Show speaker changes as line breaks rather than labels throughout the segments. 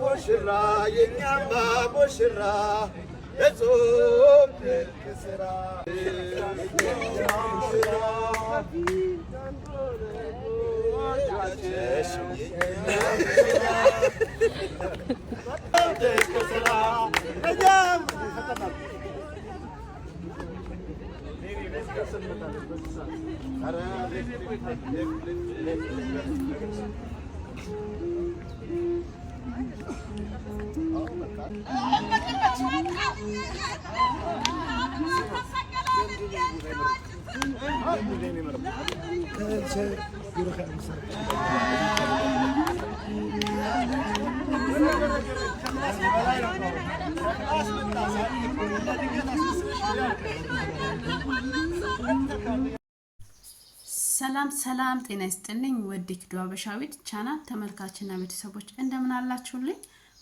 ሙሽራ የኛማ ሙሽራ እጹም ድንቅ ስራ ድንቅ ስራ Güzel
şey, yürü ሰላም ሰላም፣ ጤና ይስጥልኝ። ወዲክ ዱ አበሻዊት ቻናል ተመልካችና ቤተሰቦች እንደምን አላችሁልኝ?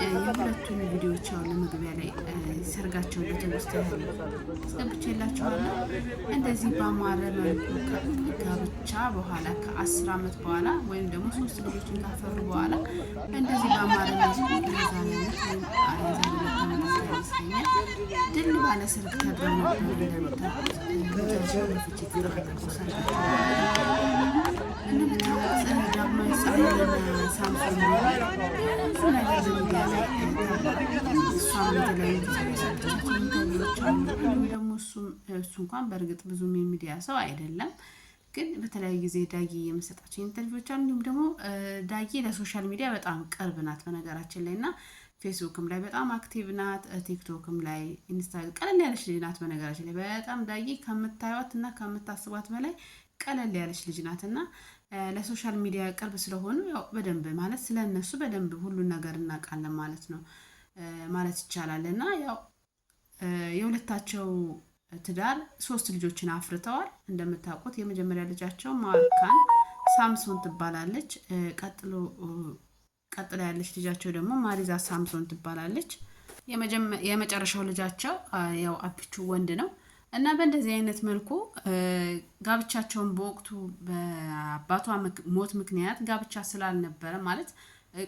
የሁለቱን ቪዲዮዎች አሉ መግቢያ ላይ ሰርጋቸውን ለትውስታ አስገብቼላችኋለሁ። እንደዚህ በአማረ መልኩ ከጋብቻ በኋላ ከአስር ዓመት በኋላ ወይም ደግሞ ሶስት ልጆችን ካፈሩ በኋላ እንደዚህ በአማረ መልኩ ድል ባለ ሰርግ ተደረገ። እንደምታውቁት ሰርጋቸው እንደምታውቁት ዳግማዊ ደግሞ እሱ እንኳን በእርግጥ ብዙም የሚዲያ ሰው አይደለም ግን በተለያዩ ጊዜ ዳጊ የምሰጣቸው ኢንተርቪዎች አሉ። እንዲሁም ደግሞ ዳጊ ለሶሻል ሚዲያ በጣም ቅርብ ናት በነገራችን ላይ እና ፌስቡክም ላይ በጣም አክቲቭ ናት፣ ቲክቶክም ላይ ኢንስታግራም፣ ቀለል ያለች ልጅ ናት በነገራችን ላይ በጣም ዳጊ ከምታዩት እና ከምታስቧት በላይ ቀለል ያለች ልጅ ናት እና ለሶሻል ሚዲያ ቅርብ ስለሆኑ ያው በደንብ ማለት ስለ እነሱ በደንብ ሁሉን ነገር እናውቃለን ማለት ነው ማለት ይቻላል። እና ያው የሁለታቸው ትዳር ሶስት ልጆችን አፍርተዋል። እንደምታውቁት የመጀመሪያ ልጃቸው ማርካን ሳምሶን ትባላለች። ቀጥሎ ቀጥላ ያለች ልጃቸው ደግሞ ማሪዛ ሳምሶን ትባላለች። የመጨረሻው ልጃቸው ያው አፕቹ ወንድ ነው። እና በእንደዚህ አይነት መልኩ ጋብቻቸውን በወቅቱ በአባቷ ሞት ምክንያት ጋብቻ ስላልነበረ ማለት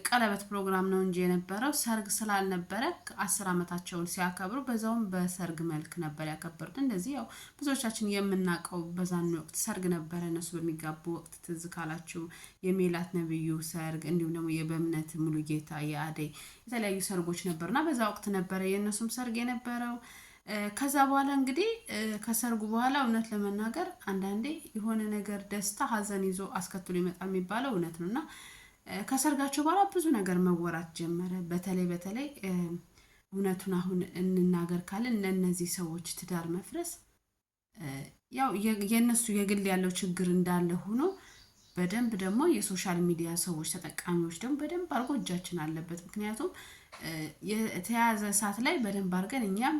ቀለበት ፕሮግራም ነው እንጂ የነበረው ሰርግ ስላልነበረ አስር ዓመታቸውን ሲያከብሩ በዛውም በሰርግ መልክ ነበር ያከበሩት። እንደዚህ ያው ብዙዎቻችን የምናውቀው በዛን ወቅት ሰርግ ነበረ። እነሱ በሚጋቡ ወቅት ትዝ ካላችሁ የሜላት ነብዩ ሰርግ እንዲሁም ደግሞ የበእምነት ሙሉጌታ የአደይ የተለያዩ ሰርጎች ነበሩና በዛ ወቅት ነበረ የእነሱም ሰርግ የነበረው። ከዛ በኋላ እንግዲህ ከሰርጉ በኋላ እውነት ለመናገር አንዳንዴ የሆነ ነገር ደስታ ሀዘን ይዞ አስከትሎ ይመጣል የሚባለው እውነት ነው እና ከሰርጋቸው በኋላ ብዙ ነገር መወራት ጀመረ። በተለይ በተለይ እውነቱን አሁን እንናገር ካለን ለእነዚህ ሰዎች ትዳር መፍረስ ያው የእነሱ የግል ያለው ችግር እንዳለ ሆኖ በደንብ ደግሞ የሶሻል ሚዲያ ሰዎች ተጠቃሚዎች ደግሞ በደንብ አድርጎ እጃችን አለበት። ምክንያቱም የተያያዘ እሳት ላይ በደንብ አድርገን እኛም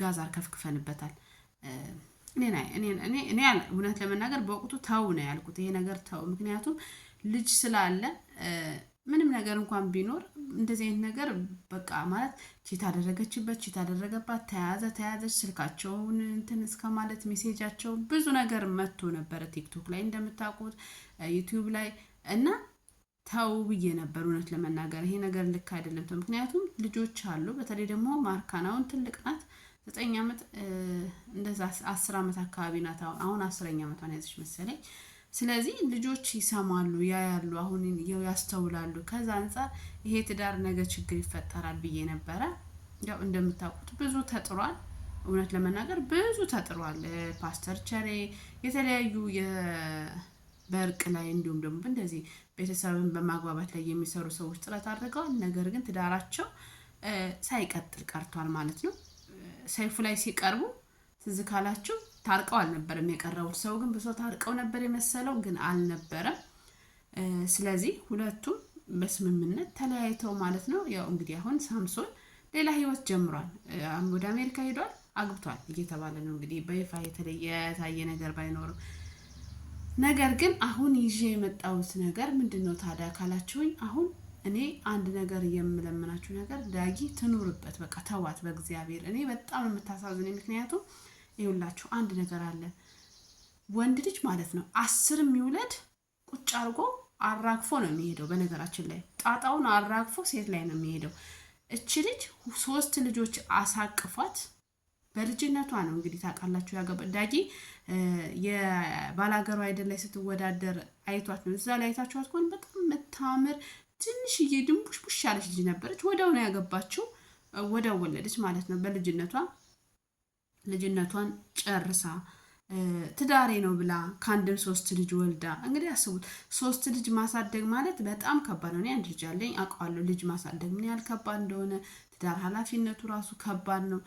ጋዝ አርከፍክፈንበታል። እኔ እውነት ለመናገር በወቅቱ ተው ነው ያልኩት፣ ይሄ ነገር ተው። ምክንያቱም ልጅ ስላለ ምንም ነገር እንኳን ቢኖር እንደዚህ አይነት ነገር በቃ ማለት ቺት አደረገችበት፣ ቺት አደረገባት፣ ተያዘ፣ ተያዘች፣ ስልካቸውን እንትን እስከ ማለት ሜሴጃቸው ብዙ ነገር መጥቶ ነበረ ቲክቶክ ላይ እንደምታውቁት ዩቲዩብ ላይ እና ተው ብዬ ነበር እውነት ለመናገር ይሄ ነገር ልክ አይደለም። ምክንያቱም ልጆች አሉ። በተለይ ደግሞ ማርካናውን ትልቅ ናት ዘጠኝ ዓመት እንደዛ አስር ዓመት አካባቢ ናት። አሁን አስረኛ ዓመቷን ያዘች መሰለኝ። ስለዚህ ልጆች ይሰማሉ፣ ያያሉ፣ አሁን ያስተውላሉ። ከዛ አንጻር ይሄ ትዳር ነገ ችግር ይፈጠራል ብዬ ነበረ። ያው እንደምታውቁት ብዙ ተጥሯል። እውነት ለመናገር ብዙ ተጥሯል። ፓስተር ቸሬ የተለያዩ በእርቅ ላይ እንዲሁም ደግሞ እንደዚህ ቤተሰብን በማግባባት ላይ የሚሰሩ ሰዎች ጥረት አድርገዋል። ነገር ግን ትዳራቸው ሳይቀጥል ቀርቷል ማለት ነው። ሰይፉ ላይ ሲቀርቡ ትዝ ካላችሁ ታርቀው አልነበረም የቀረቡት። ሰው ግን ብሶ ታርቀው ነበር የመሰለው ግን አልነበረም። ስለዚህ ሁለቱም በስምምነት ተለያይተው ማለት ነው። ያው እንግዲህ አሁን ሳምሶን ሌላ ህይወት ጀምሯል። ወደ አሜሪካ ሄዷል፣ አግብቷል እየተባለ ነው እንግዲህ በይፋ የተለየ ታየ ነገር ባይኖርም ነገር ግን አሁን ይዤ የመጣሁት ነገር ምንድን ነው ታዲያ ካላችሁኝ አሁን እኔ አንድ ነገር የምለምናችሁ ነገር ዳጊ ትኑርበት፣ በቃ ተዋት በእግዚአብሔር። እኔ በጣም የምታሳዝኔ ምክንያቱም ይውላችሁ አንድ ነገር አለ። ወንድ ልጅ ማለት ነው አስር የሚውለድ ቁጭ አርጎ አራግፎ ነው የሚሄደው። በነገራችን ላይ ጣጣውን አራግፎ ሴት ላይ ነው የሚሄደው። እች ልጅ ሶስት ልጆች አሳቅፏት በልጅነቷ ነው እንግዲህ ታውቃላችሁ። ያገባ ዳጊ የባላገሩ አይደል ላይ ስትወዳደር አይቷት ነው። እዛ ላይ አይታችኋት ከሆነ በጣም መታምር ትንሽዬ ቡሽ ያለች ልጅ ነበረች። ወዲያው ነው ያገባችው፣ ወለደች ማለት ነው። በልጅነቷ ልጅነቷን ጨርሳ ትዳሬ ነው ብላ ከአንድም ሶስት ልጅ ወልዳ እንግዲህ አስቡት። ሶስት ልጅ ማሳደግ ማለት በጣም ከባድ ነው። እኔ አንድ ልጅ አለኝ አውቀዋለሁ፣ ልጅ ማሳደግ ምን ያህል ከባድ እንደሆነ። ትዳር ኃላፊነቱ ራሱ ከባድ ነው።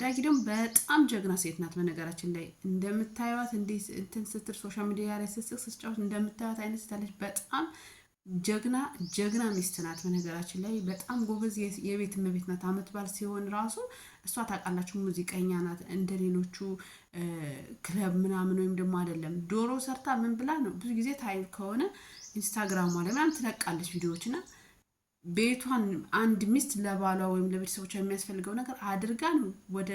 ዳጊ ደግሞ በጣም ጀግና ሴት ናት። በነገራችን ላይ እንደምታዩት እንትን ስትል ሶሻል ሚዲያ ላይ ስስቅ ስትጫወት እንደምታዩት አይነት ስታለች በጣም ጀግና ጀግና ሚስት ናት። በነገራችን ላይ በጣም ጎበዝ የቤት እመቤት ናት። አመት ባል ሲሆን ራሱ እሷ ታውቃላችሁ፣ ሙዚቀኛ ናት። እንደ ሌሎቹ ክለብ ምናምን ወይም ደግሞ አይደለም ዶሮ ሰርታ ምን ብላ ነው ብዙ ጊዜ ታይ ከሆነ ኢንስታግራም ላይ ምናምን ትለቃለች ቪዲዮዎች እና ቤቷን አንድ ሚስት ለባሏ ወይም ለቤተሰቦቿ የሚያስፈልገው ነገር አድርጋ ነው ወደ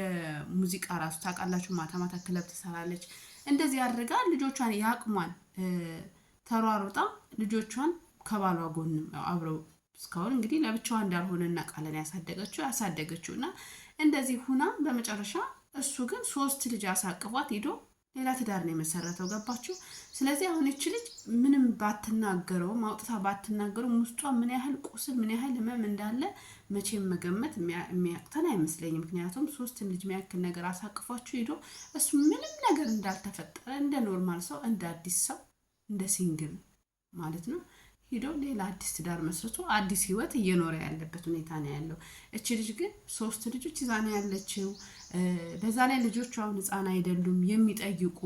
ሙዚቃ ራሱ ታውቃላችሁ፣ ማታ ማታ ክለብ ትሰራለች። እንደዚህ አድርጋ ልጆቿን ያቅሟል ተሯሩጣ ልጆቿን ከባሏ ጎንም አብረው እስካሁን እንግዲህ ለብቻዋ እንዳልሆነ እናውቃለን። ያሳደገችው ያሳደገችው እና እንደዚህ ሁና በመጨረሻ እሱ ግን ሶስት ልጅ አሳቅፏት ሂዶ ሌላ ትዳር ነው የመሰረተው። ገባችሁ? ስለዚህ አሁን ይች ልጅ ምንም ባትናገረውም አውጥታ ባትናገረው ውስጧ ምን ያህል ቁስል ምን ያህል ህመም እንዳለ መቼም መገመት የሚያቅተን አይመስለኝም። ምክንያቱም ሶስትን ልጅ የሚያክል ነገር አሳቅፏችሁ ሂዶ እሱ ምንም ነገር እንዳልተፈጠረ እንደ ኖርማል ሰው እንደ አዲስ ሰው እንደ ሲንግል ማለት ነው ሂደው ሌላ አዲስ ትዳር መስርቶ አዲስ ህይወት እየኖረ ያለበት ሁኔታ ነው ያለው። እች ልጅ ግን ሶስት ልጆች ይዛ ነው ያለችው። በዛ ላይ ልጆቹ አሁን ህፃን አይደሉም። የሚጠይቁ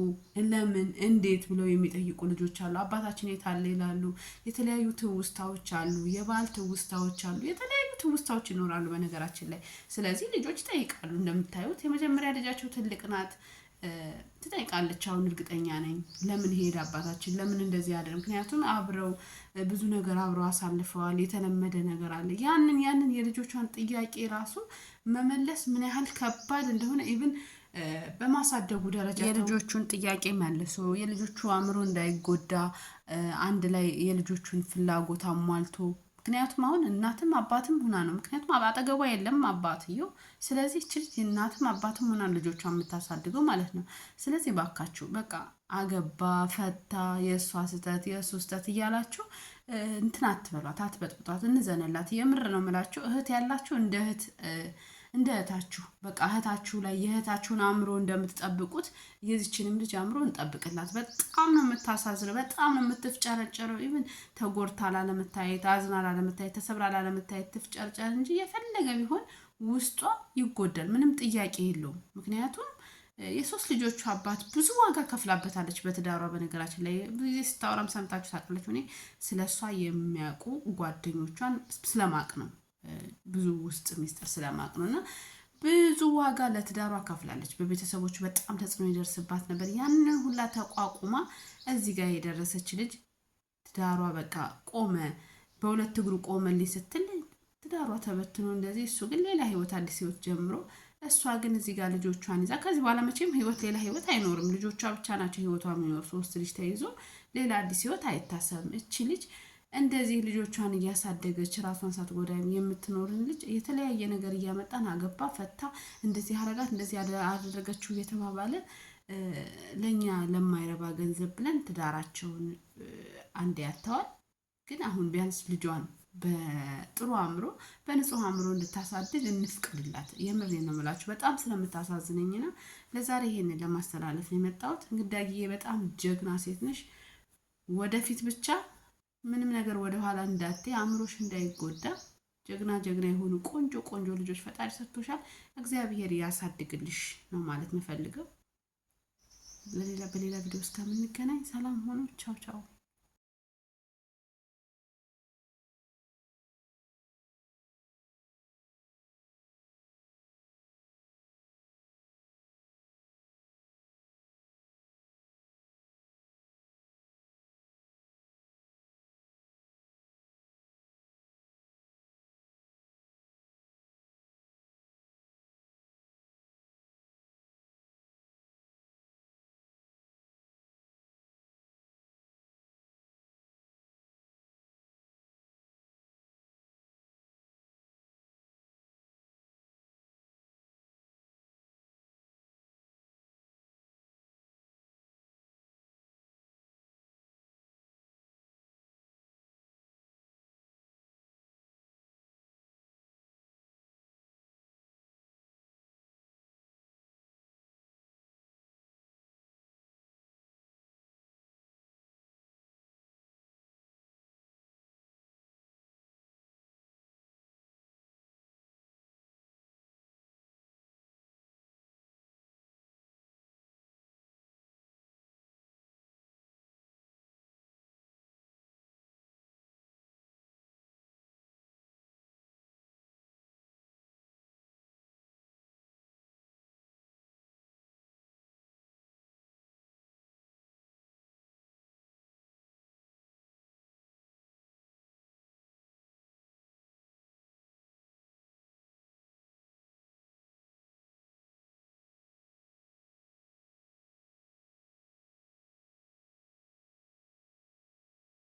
ለምን እንዴት ብለው የሚጠይቁ ልጆች አሉ። አባታችን የት አለ ይላሉ። የተለያዩ ትውስታዎች አሉ፣ የባል ትውስታዎች አሉ፣ የተለያዩ ትውስታዎች ይኖራሉ በነገራችን ላይ። ስለዚህ ልጆች ይጠይቃሉ። እንደምታዩት የመጀመሪያ ልጃቸው ትልቅ ናት። ትጠይቃለች። አሁን እርግጠኛ ነኝ ለምን ሄድ አባታችን ለምን እንደዚህ ያደር፣ ምክንያቱም አብረው ብዙ ነገር አብረው አሳልፈዋል። የተለመደ ነገር አለ። ያንን ያንን የልጆቿን ጥያቄ ራሱ መመለስ ምን ያህል ከባድ እንደሆነ ኢቭን በማሳደጉ ደረጃ የልጆቹን ጥያቄ መልሶ የልጆቹ አእምሮ እንዳይጎዳ አንድ ላይ የልጆቹን ፍላጎት አሟልቶ ምክንያቱም አሁን እናትም አባትም ሁና ነው። ምክንያቱም አጠገቧ የለም አባትየው። ስለዚህ ችል እናትም አባትም ሁና ልጆቿ የምታሳድገው ማለት ነው። ስለዚህ ባካችሁ በቃ አገባ ፈታ፣ የእሷ ስህተት የእሱ ስህተት እያላችሁ እንትን አትበሏት፣ አትበጥብጧት፣ እንዘንላት። የምር ነው የምላችሁ እህት ያላችሁ እንደ እህት እንደ እህታችሁ በቃ እህታችሁ ላይ የእህታችሁን አእምሮ እንደምትጠብቁት የዚችንም ልጅ አእምሮ እንጠብቅላት። በጣም ነው የምታሳዝነው። በጣም ነው የምትፍጨረጨረው። ኢቭን ተጎድታ ላለመታየት፣ አዝና ላለመታየት፣ ተሰብራ ላለመታየት ትፍጨርጨር እንጂ የፈለገ ቢሆን ውስጧ ይጎዳል። ምንም ጥያቄ የለውም። ምክንያቱም የሶስት ልጆቹ አባት ብዙ ዋጋ ከፍላበታለች በትዳሯ። በነገራችን ላይ ብዙ ጊዜ ስታወራም ሰምታችሁ ታውቃለች። እኔ ስለ እሷ የሚያውቁ ጓደኞቿን ስለማቅ ነው ብዙ ውስጥ ሚስጥር ስለማቅ ነው እና ብዙ ዋጋ ለትዳሯ ከፍላለች። በቤተሰቦቹ በጣም ተጽዕኖ ይደርስባት ነበር። ያንን ሁላ ተቋቁማ እዚህ ጋር የደረሰች ልጅ ትዳሯ በቃ ቆመ፣ በሁለት እግሩ ቆመልኝ ስትል ትዳሯ ተበትኖ እንደዚህ፣ እሱ ግን ሌላ ህይወት አዲስ ህይወት ጀምሮ እሷ ግን እዚህ ጋር ልጆቿን ይዛ ከዚህ በኋላ መቼም ህይወት ሌላ ህይወት አይኖርም። ልጆቿ ብቻ ናቸው ህይወቷ የሚኖር። ሶስት ልጅ ተይዞ ሌላ አዲስ ህይወት አይታሰብም። እቺ ልጅ እንደዚህ ልጆቿን እያሳደገች ራሷን ሳትጎዳ የምትኖርን ልጅ የተለያየ ነገር እያመጣን አገባ፣ ፈታ፣ እንደዚህ አረጋት፣ እንደዚህ አደረገችው እየተባባለ ለእኛ ለማይረባ ገንዘብ ብለን ትዳራቸውን አንድ ያተዋል። ግን አሁን ቢያንስ ልጇን በጥሩ አእምሮ በንጹህ አእምሮ እንድታሳድግ እንፍቅድላት። የምሬ ነው ምላችሁ በጣም ስለምታሳዝነኝና ለዛሬ ይሄንን ለማስተላለፍ ነው የመጣሁት። እንግዳጊዬ በጣም ጀግና ሴት ነሽ። ወደፊት ብቻ ምንም ነገር ወደኋላ እንዳቴ አእምሮሽ እንዳይጎዳ ጀግና ጀግና የሆኑ ቆንጆ ቆንጆ ልጆች ፈጣሪ ሰጥቶሻል። እግዚአብሔር ያሳድግልሽ ነው ማለት የምፈልገው። በሌላ በሌላ ቪዲዮ እስከምንገናኝ ሰላም ሆኖ ቻው ቻው።